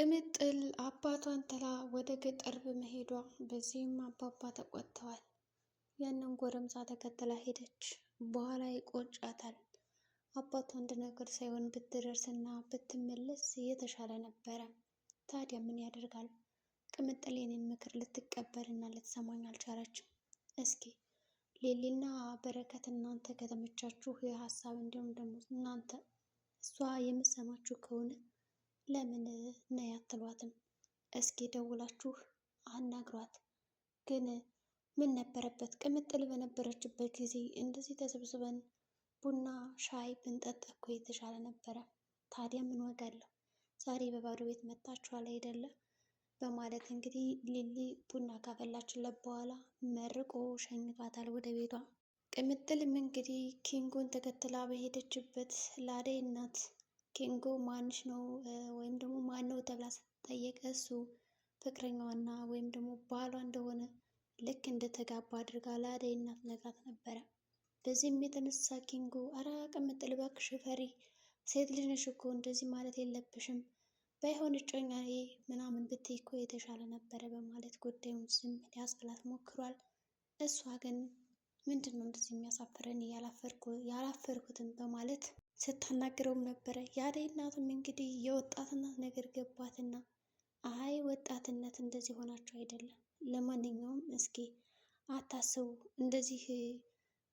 ቅምጥል አባቷን ጥላ ወደ ገጠር በመሄዷ በዚህም አባባ ተቆጥተዋል። ያንን ጎረምሳ ተከትላ ሄደች። በኋላ ይቆጫታል። አባቷ አንድ ነገር ሳይሆን ብትደርስ እና ብትመለስ እየተሻለ ነበረ። ታዲያ ምን ያደርጋል? ቅምጥል የኔን ምክር ልትቀበል እና ልትሰማኝ አልቻለችም። እስኪ ሌሊና በረከት እናንተ ከተመቻችሁ ይህ ሀሳብ እንዲሁም ደግሞ እናንተ እሷ የምትሰማችሁ ከሆነ ለምን ነይ አትሏትም? እስኪ ደውላችሁ አናግሯት። ግን ምን ነበረበት ቅምጥል በነበረችበት ጊዜ እንደዚህ ተሰብስበን ቡና ሻይ ብንጠጣ እኮ የተሻለ ነበረ። ታዲያ ምን ዋጋ አለው? ዛሬ በባዶ ቤት መጥታችኋል አይደለም በማለት እንግዲህ ሊሊ ቡና ካፈላችለት በኋላ መርቆ ሸኝቷታል ወደ ቤቷ። ቅምጥልም እንግዲህ ኪንጎን ተከትላ በሄደችበት ለአደይ እናት ኬንጎ ማንሽ ነው ወይም ደግሞ ማን ነው ተብላ ስትጠየቅ እሱ ፍቅረኛዋና ወይም ደግሞ ባሏ እንደሆነ ልክ እንደተጋባ አድርጋ ለአደይ እናት ነግራት ነበረ። በዚህም የተነሳ ኪንጎ አረ ቅምጥል እባክሽ ፈሪ ሴት ልጅ ነሽ እኮ እንደዚህ ማለት የለብሽም፣ ባይሆን እጮኛዬ ምናምን ብትይ እኮ የተሻለ ነበረ በማለት ጉዳዩን ዝም ሊያስብላት ሞክሯል። እሷ ግን ምንድን ነው እንደዚህ የሚያሳፍረን ያላፈርኩትም በማለት ስታናግረውም ነበረ። የአደይ እናትም እንግዲህ የወጣትነት ነገር ገባትና አይ ወጣትነት እንደዚህ ሆናችሁ አይደለም፣ ለማንኛውም እስኪ አታስቡ እንደዚህ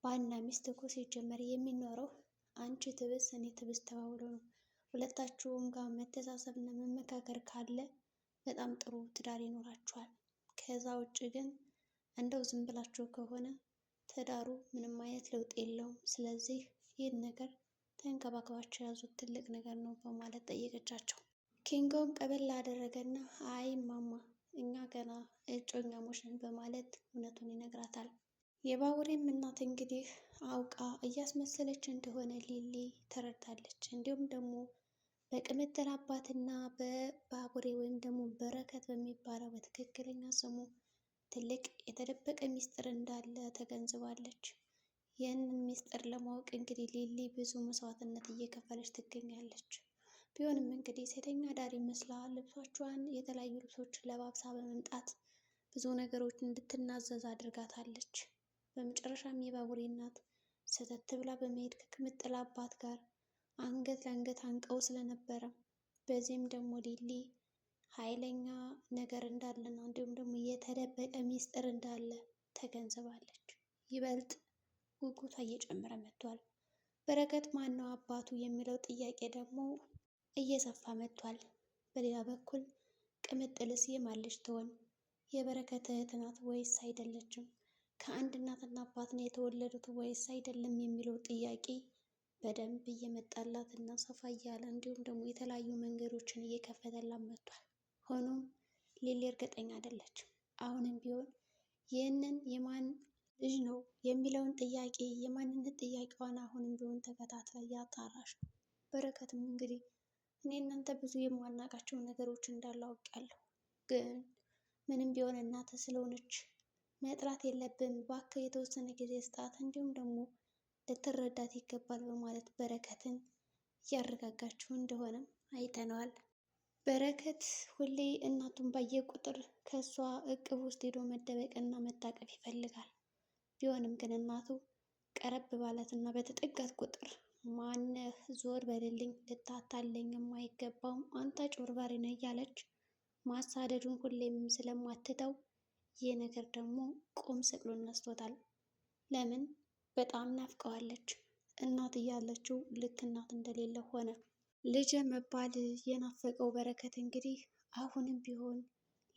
ባልና ሚስት እኮ ሲጀመር የሚኖረው አንቺ ትብስ እኔ ትብስ ተባብሎ ነው። ሁለታችሁም ጋር መተሳሰብ እና መመካከር ካለ በጣም ጥሩ ትዳር ይኖራችኋል። ከዛ ውጭ ግን እንደው ዝም ብላችሁ ከሆነ ትዳሩ ምንም አይነት ለውጥ የለውም። ስለዚህ ይህን ነገር ተንከባከባቸው የያዙት ትልቅ ነገር ነው በማለት ጠየቀቻቸው። ኪንጎም ቀበል አደረገና አይ ማማ እኛ ገና እጮኛሞች ነን በማለት እውነቱን ይነግራታል። የባቡሬም እናት እንግዲህ አውቃ እያስመሰለች እንደሆነ ሊሊ ተረድታለች። እንዲሁም ደግሞ በቅምጥል አባትና በባቡሬ ወይም ደግሞ በረከት በሚባለው በትክክለኛ ስሙ ትልቅ የተደበቀ ሚስጥር እንዳለ ተገንዝባለች። ይህንን ምስጢር ለማወቅ እንግዲህ ሊሊ ብዙ መስዋዕትነት እየከፈለች ትገኛለች። ቢሆንም እንግዲህ ሴተኛ አዳሪ መስላ ልብሶቿን የተለያዩ ልብሶችን ለባብሳ በመምጣት ብዙ ነገሮችን እንድትናዘዝ አድርጋታለች። በመጨረሻም የባቡሬ እናት ሰተት ብላ በመሄድ ከቅምጥል አባት ጋር አንገት ለአንገት አንቀው ስለነበረ በዚህም ደግሞ ሊሊ ኃይለኛ ነገር እንዳለና እንዲሁም ደግሞ የተደበቀ ሚስጥር እንዳለ ተገንዝባለች። ይበልጥ ጉጉቷ እየጨመረ መጥቷል። በረከት ማነው አባቱ የሚለው ጥያቄ ደግሞ እየሰፋ መጥቷል። በሌላ በኩል ቅምጥልስ የማለች ትሆን? የበረከት እህት ናት ወይስ አይደለችም? ከአንድ እናትና አባት ነው የተወለዱት ወይስ አይደለም የሚለው ጥያቄ በደንብ እየመጣላት እና ሰፋ እያለ እንዲሁም ደግሞ የተለያዩ መንገዶችን እየከፈተላት መጥቷል። ሆኖም ሌሌ እርግጠኛ አይደለችም። አሁንም ቢሆን ይህንን የማን ልጅ ነው የሚለውን ጥያቄ የማንነት ጥያቄዋን አሁንም ቢሆን ተከታትላ እያጣራች ነው። በረከትም እንግዲህ እኔ እናንተ ብዙ የማናቃቸው ነገሮች እንዳሉ አውቃለሁ፣ ግን ምንም ቢሆን እናተ ስለሆነች መጥላት የለብን ባክ የተወሰነ ጊዜ ስጣት፣ እንዲሁም ደግሞ ልትረዳት ይገባል በማለት በረከትን እያረጋጋችሁ እንደሆነም አይተነዋል። በረከት ሁሌ እናቱን ባየ ቁጥር ከእሷ እቅፍ ውስጥ ሄዶ መደበቅ እና መታቀፍ ይፈልጋል። ቢሆንም ግን እናቱ ቀረብ ባላት እና በተጠጋት ቁጥር ማነህ ዞር በልልኝ ልታታለኝ የማይገባው አንተ ጮርባሪ ነህ እያለች ማሳደዱን ሁሌም ስለማትተው ይህ ነገር ደግሞ ቁም ስቅሉን ነስቶታል። ለምን በጣም ናፍቀዋለች። እናት እያለችው ልክ እናት እንደሌለ ሆነ። ልጅ መባል የናፈቀው በረከት እንግዲህ አሁንም ቢሆን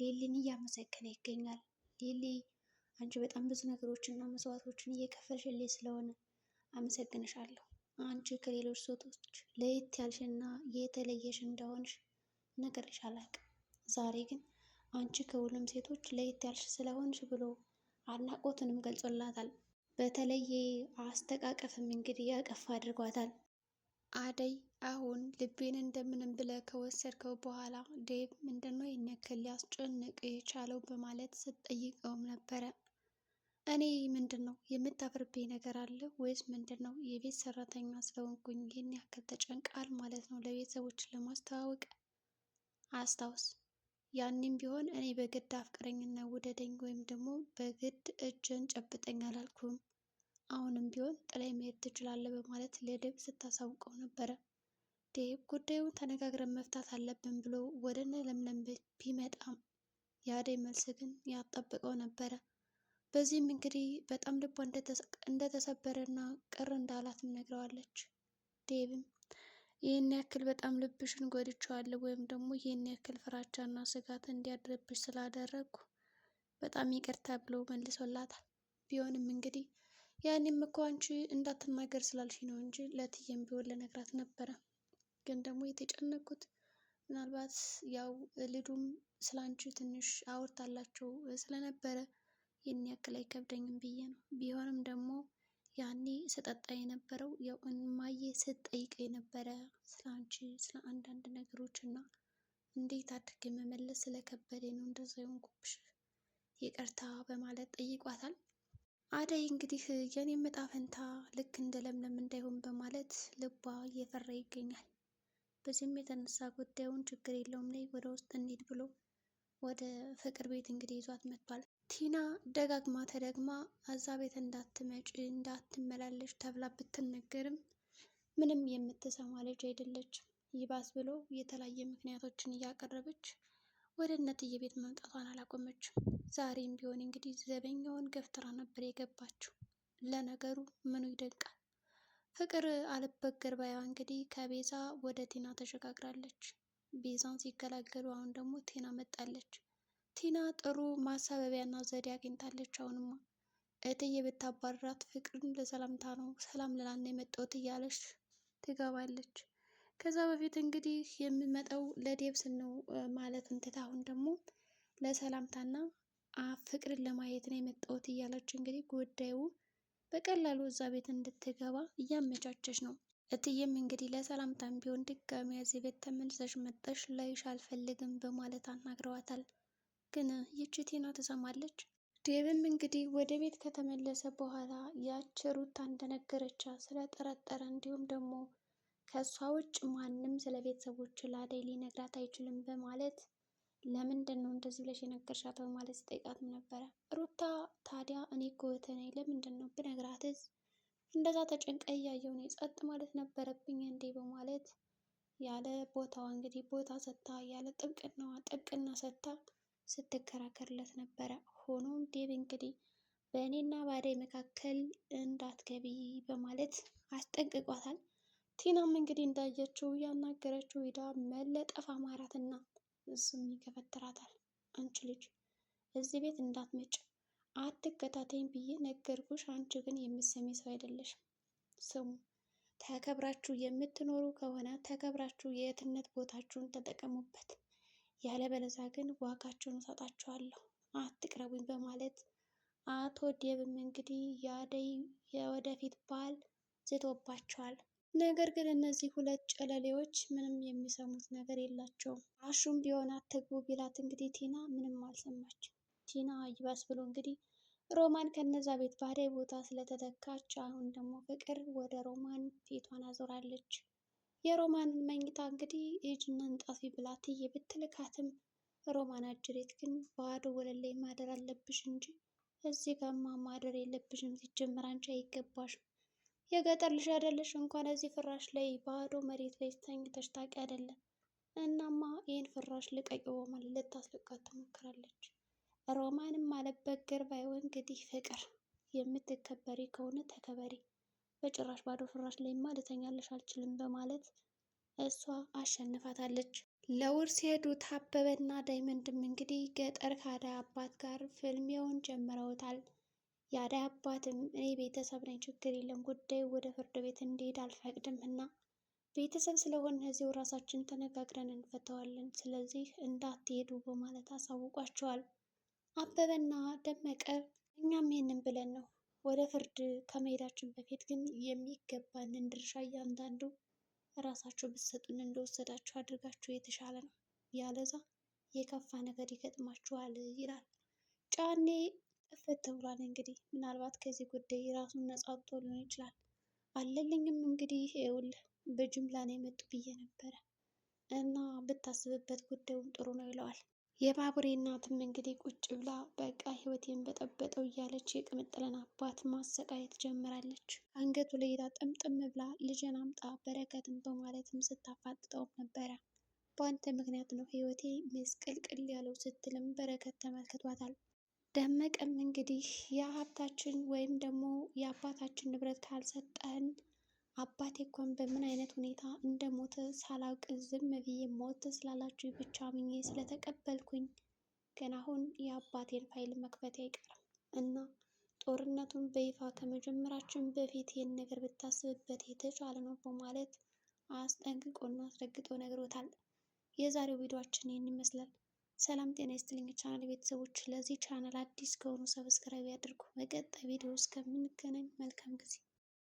ሌሊን እያመሰገነ ይገኛል። ሌሊ አንቺ በጣም ብዙ ነገሮችን እና መስዋዕቶችን እየከፈልሽልኝ ስለሆነ አመሰግንሻለሁ። አንቺ ከሌሎች ሴቶች ለየት ያልሽ እና የተለየሽ እንደሆንሽ ነገርሽ አላቅም። ዛሬ ግን አንቺ ከሁሉም ሴቶች ለየት ያልሽ ስለሆንሽ ብሎ አድናቆትንም ገልጾላታል። በተለየ አስተቃቀፍም እንግዲህ ያቀፍ አድርጓታል። አደይ አሁን ልቤን እንደምንም ብለ ከወሰድከው በኋላ ዴቭ ምንድነው ይነክል ሊያስጨንቅ የቻለው በማለት ስትጠይቀውም ነበረ። እኔ ምንድን ነው የምታፍርብኝ ነገር አለ ወይስ ምንድን ነው? የቤት ሰራተኛ ስለሆንኩኝ ይህን ያክል ተጨንቃል ማለት ነው ለቤተሰቦች ለማስተዋወቅ። አስታውስ ያኔም ቢሆን እኔ በግድ አፍቅረኝና ውደደኝ ወይም ደግሞ በግድ እጅን ጨብጠኝ አላልኩም። አሁንም ቢሆን ጥላይ መሄድ ትችላለህ በማለት ለዴብ ስታሳውቀው ነበረ። ዴብ ጉዳዩን ተነጋግረን መፍታት አለብን ብሎ ወደነ ለምለም ቤት ቢመጣም የአደይ መልስ ግን ያጠብቀው ነበረ። በዚህም እንግዲህ በጣም ልቧ እንደተሰበረና ቅር እንዳላት ነግረዋለች። ዴቭም ይህን ያክል በጣም ልብሽን ጎድቸዋለሁ ወይም ደግሞ ይህን ያክል ፍራቻና ስጋት እንዲያድርብሽ ስላደረግኩ በጣም ይቅርታ ብሎ መልሶላታል። ቢሆንም እንግዲህ ያኔም እኮ አንቺ እንዳትናገር ስላልሽ ነው እንጂ ለትዬም ቢሆን ልነግራት ነበረ። ግን ደግሞ የተጨነኩት ምናልባት ያው ልዱም ስላንቺ ትንሽ አውርታላቸው ስለነበረ ይህን ያክል አይከብደኝም ብዬ ነው። ቢሆንም ደግሞ ያኔ ስጠጣ የነበረው ያው እማዬ ስትጠይቅ የነበረ ስለ አንቺ ስለ አንዳንድ ነገሮች እና እንዴት አድርጌ መመለስ ስለከበደ ነው እንደዛ የሆንኩብሽ ይቅርታ በማለት ጠይቋታል። አደይ እንግዲህ የኔ መጣፈንታ ልክ እንደ ለምለም እንዳይሆን በማለት ልቧ እየፈራ ይገኛል። በዚህም የተነሳ ጉዳዩን ችግር የለውም ላይ ወደ ውስጥ እንሂድ ብሎ ወደ ፍቅር ቤት እንግዲህ ይዟት መጥቷል። ቲና ደጋግማ ተደግማ እዛ ቤት እንዳትመጪ እንዳትመላለች ተብላ ብትነገርም ምንም የምትሰማ ልጅ አይደለችም። ይባስ ብሎ የተለያየ ምክንያቶችን እያቀረበች ወደ እነትዬ ቤት መምጣቷን አላቆመችም። ዛሬም ቢሆን እንግዲህ ዘበኛውን ገፍትራ ነበር የገባችው። ለነገሩ ምኑ ይደንቃል። ፍቅር አልበገር ባያዋ እንግዲህ ከቤዛ ወደ ቲና ተሸጋግራለች። ቤዛን ሲገላገሉ አሁን ደግሞ ቲና መጣለች። ቲና ጥሩ ማሳበቢያና ዘዴ አግኝታለች። አሁንማ እትዬ ብታባራት ፍቅርን ለሰላምታ ነው ሰላም ልላና የመጣሁት እያለች ትገባለች። ከዛ በፊት እንግዲህ የምመጣው ለዴብስ ነው ማለት እንትት አሁን ደግሞ ለሰላምታና ፍቅርን ለማየት ነው የመጣሁት እያለች እንግዲህ ጉዳዩ በቀላሉ እዛ ቤት እንድትገባ እያመቻቸች ነው። እትዬም እንግዲህ ለሰላምታም ቢሆን ድጋሚ እዚህ ቤት ተመልሰሽ መጠሽ ላይሽ አልፈልግም በማለት አናግረዋታል። ግን ይቺ ቲና ትሰማለች። ዴብም እንግዲህ ወደ ቤት ከተመለሰ በኋላ ያች ሩታ እንደነገረቻት ስለጠረጠረ እንዲሁም ደግሞ ከእሷ ውጭ ማንም ስለ ቤተሰቦች ላደይ ሊነግራት አይችልም በማለት ለምንድን ነው እንደዚህ ብለሽ የነገርሻት በማለት ስጠይቃትም ነበረ። ሩታ ታዲያ እኔ እኮ ለምንድን ነው ብነግራትስ እንደዛ ተጨንቀ እያየሁ ነው ማለት ነበረብኝ እንዴ በማለት ያለ ቦታዋ እንግዲህ ቦታ ሰጥታ ያለ ጥብቅናዋ ጥብቅና ሰጥታ ስትከራከርለት ነበረ። ሆኖም ዴብ እንግዲህ በእኔና ባዳይ መካከል እንዳትገቢ በማለት አስጠንቅቋታል። ቲናም እንግዲህ እንዳየችው ያናገረችው ሂዳ መለጠፍ አማራትና እሱም ይገፈትራታል። አንቺ ልጅ እዚህ ቤት እንዳትመጭ አትከታተይም ብዬ ነገርኩሽ። አንቺ ግን የምትሰሚ ሰው አይደለሽ ስሙ ተከብራችሁ የምትኖሩ ከሆነ ተከብራችሁ የእህትነት ቦታችሁን ተጠቀሙበት። ያለበለዛ ግን ዋጋችሁን እሰጣችኋለሁ አትቅረቡኝ በማለት አቶ ዴብም እንግዲህ የአደይ የወደፊት ባል ዝቶባቸዋል። ነገር ግን እነዚህ ሁለት ጨለሌዎች ምንም የሚሰሙት ነገር የላቸውም። አሹም ቢሆን አትግቡ ቢላት እንግዲህ ቲና ምንም አልሰማችም። ቲና ይባስ ብሎ እንግዲህ ሮማን ከነዛ ቤት ባደይ ቦታ ስለተተካች አሁን ደግሞ ፍቅር ወደ ሮማን ፊቷን አዞራለች። የሮማንን መኝታ እንግዲህ ሂጂና እንጣፊ ብላ እትዬ ብትልካትም ሮማን አጅሬት ግን በባዶ ወለል ላይ ማደር አለብሽ እንጂ እዚህ ጋማ ማደር የለብሽም። ሲጀመር አንቺ አይገባሽም። የገጠር ልጅ አይደለሽ? እንኳን እዚህ ፍራሽ ላይ ባዶ መሬት ላይ ተኝተሽ ታውቂ አይደለም? እናማ ይህን ፍራሽ ልቀቂ ማለት ልታስለቃት ትሞክራለች። ሮማንም አለበት ገርባይው እንግዲህ ፍቅር የምትከበሪ ከሆነ ተከበሪ በጭራሽ ባዶ ፍራሽ ላይ ማለተኛለሽ አልችልም በማለት እሷ አሸንፋታለች። ለውርስ የሄዱት አበበና ዳይመንድም እንግዲህ ገጠር ከአዳይ አባት ጋር ፍልሚያውን ጀምረውታል። የአዳይ አባትም እኔ ቤተሰብ ነኝ፣ ችግር የለም ጉዳዩ ወደ ፍርድ ቤት እንዲሄድ አልፈቅድም እና ቤተሰብ ስለሆነ እዚሁ ራሳችን ተነጋግረን እንፈተዋለን፣ ስለዚህ እንዳትሄዱ በማለት አሳውቋቸዋል። አበበና ደመቀ እኛም ይህንን ብለን ነው ወደ ፍርድ ከመሄዳችን በፊት ግን የሚገባንን ድርሻ እያንዳንዱ ራሳችሁ ብትሰጡን እንደወሰዳችሁ አድርጋችሁ የተሻለ ነው፣ ያለዛ የከፋ ነገር ይገጥማችኋል ይላል ጫኔ። እፍት ብሏል እንግዲህ ምናልባት ከዚህ ጉዳይ ራሱን ነጻ አውጥቶ ሊሆን ይችላል። አለልኝም እንግዲህ ይኸውልህ በጅምላ ነው የመጡ ብዬ ነበረ እና ብታስብበት ጉዳዩም ጥሩ ነው ይለዋል። የባቡሬ እናትም እንግዲህ ቁጭ ብላ በቃ ህይወቴን በጠበጠው እያለች የቅምጥልን አባት ማሰቃየት ጀምራለች። አንገቱ ላይ ጥምጥም ብላ ልጅን አምጣ በረከትን በማለትም ስታፋጥጠው ነበረ። በአንተ ምክንያት ነው ህይወቴ ምስቅልቅል ያለው ስትልም በረከት ተመልክቷታል። ደመቀም እንግዲህ የሀብታችን ወይም ደግሞ የአባታችን ንብረት ካልሰጠህን አባቴ እንኳን በምን አይነት ሁኔታ እንደሞተ ሳላውቅ ዝም ብዬ ሞት ስላላችሁ ብቻ አምኜ ስለተቀበልኩኝ ግን አሁን የአባቴን ፋይል መክፈቴ አይቀርም እና ጦርነቱን በይፋ ከመጀመራችን በፊት ይህን ነገር ብታስብበት የተሻለ ነው በማለት አስጠንቅቆና አስረግጦ ነግሮታል። የዛሬው ቪዲዮችን ይህን ይመስላል። ሰላም ጤና ይስጥልኝ ቻናል ቤተሰቦች፣ ለዚህ ቻናል አዲስ ከሆኑ ሰብስክራይብ ያድርጉ። በቀጣይ ቪዲዮ እስከምንገናኝ መልካም ጊዜ